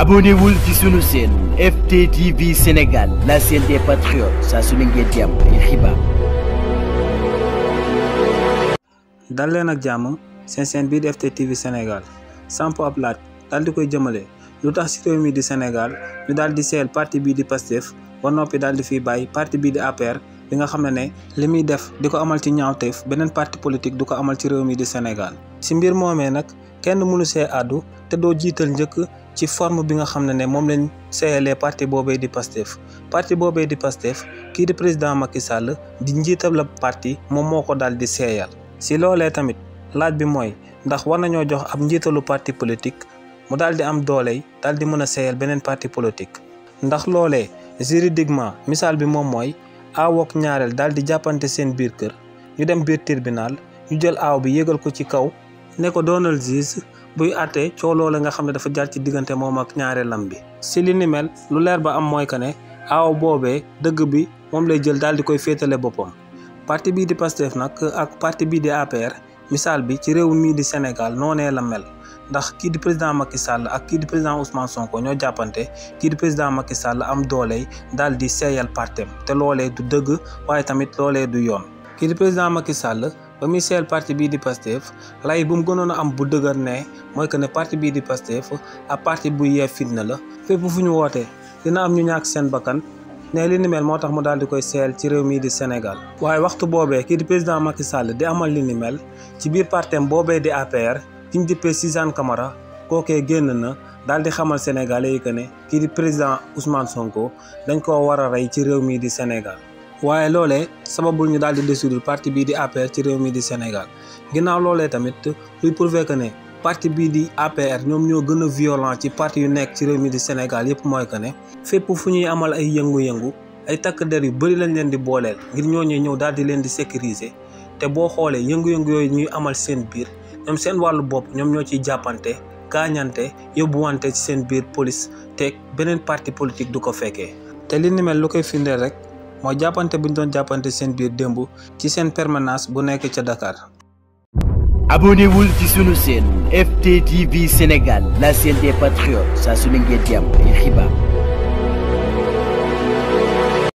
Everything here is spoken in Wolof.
abonnewul ci sunu chaîne FTTV Sénégal la chaîne des patriotes saa su ne ngeen leen ak jàmm seen chaîne bii di FTTV Sénégal samp ab laaj daal di koy jëmale lu tax ci réew mi di Sénégal ñu daal di seel parti bii di PASTEF ba noppi daal di fiy bàyyi parti bii di APR. bi nga xam ne ne li muy def di ko amal ci ñaawteef beneen parti politique du ko amal ci réew mi di Sénégal si mbir moomee nag kenn mënu see àddu te doo jiital njëkk ci forme bi nga xam ne ne moom lañ seeyalee parti boobee di Pastef parti boobee di Pastef kii di président Macky Sall di njiital la parti moom moo ko daal di seeyal si loolee tamit laaj bi mooy ndax war nañoo jox ab njiitalu parti politique mu daal di am dooley daal di mën a seeyal beneen parti politique ndax loolee juridiquement misaal bi moom mooy aawook ñaareel daal di jàppante seen biir kër ñu dem biir tribunal ñu jël aw bi yégal ko ci kaw ne ko doonal juge buy àtte coow loola nga xam ne dafa jaar ci diggante moom ak ñaareelam bi si li ni mel lu leer ba am mooy que ne aaw boobee dëgg bi moom lay jël daal di koy féetale boppam parti bii di Pastef nag ak parti bii di APR misaal bi ci réew mii di Sénégal noonee la mel ndax kii di président Macky Sall ak kii di président Ousmane Sonko ñoo jàppante kii di président Macky Sall am doole daal di seeyal partem te loolee du dëgg waaye tamit loolee du yoon kii di président Macky Sall ba muy seeyal parti bii di Pastef lay bu mu gënoon a am bu dëgër ne mooy que ne parti bii di Pastef ak parti bu yee fitna la fépp fu ñu wootee dina am ñu ñàkk seen bakkan ne li ni mel moo tax mu daal di koy seel ci réew mii di Sénégal waaye waxtu boobee président Macky Sall di amal li mel ci biir partem boobee di APR ki ñu dippee Suzanne kamara kookee génn na daal di xamal sénégalais yi que ne kii di président Ousmane Sonko dañ ko war a rey ci réew mii di Sénégal waaye loolee sababul ñu daal di dissoudre parti bii di APR ci réew mii di Sénégal ginnaaw loolee tamit luy prouver que ne parti bii di APR ñoom ñoo gën a violent ci parti yu nekk ci réew mii di Sénégal yëpp mooy que ne fépp fu ñuy amal ay yëngu-yëngu ay takk der yu bëri lañ leen di booleel ngir ñooñu ñëw daal di leen di sécuriser te boo xoolee yëngu yooyu ñuy amal seen biir ñoom seen wàllu bopp ñoom ñoo ciy jàppante gaañante yóbbuwante ci seen biir polis te beneen parti politique du ko fekkee te li ni lu koy firndeel rek mooy jàppante bi ñu doon jàppante seen biir démb ci seen permanence bu nekk ca Dakar. abonnewul ci sunu chaîne FTTV Sénégal la chaîne des patriotes saa su ne ngeen di am xibaar.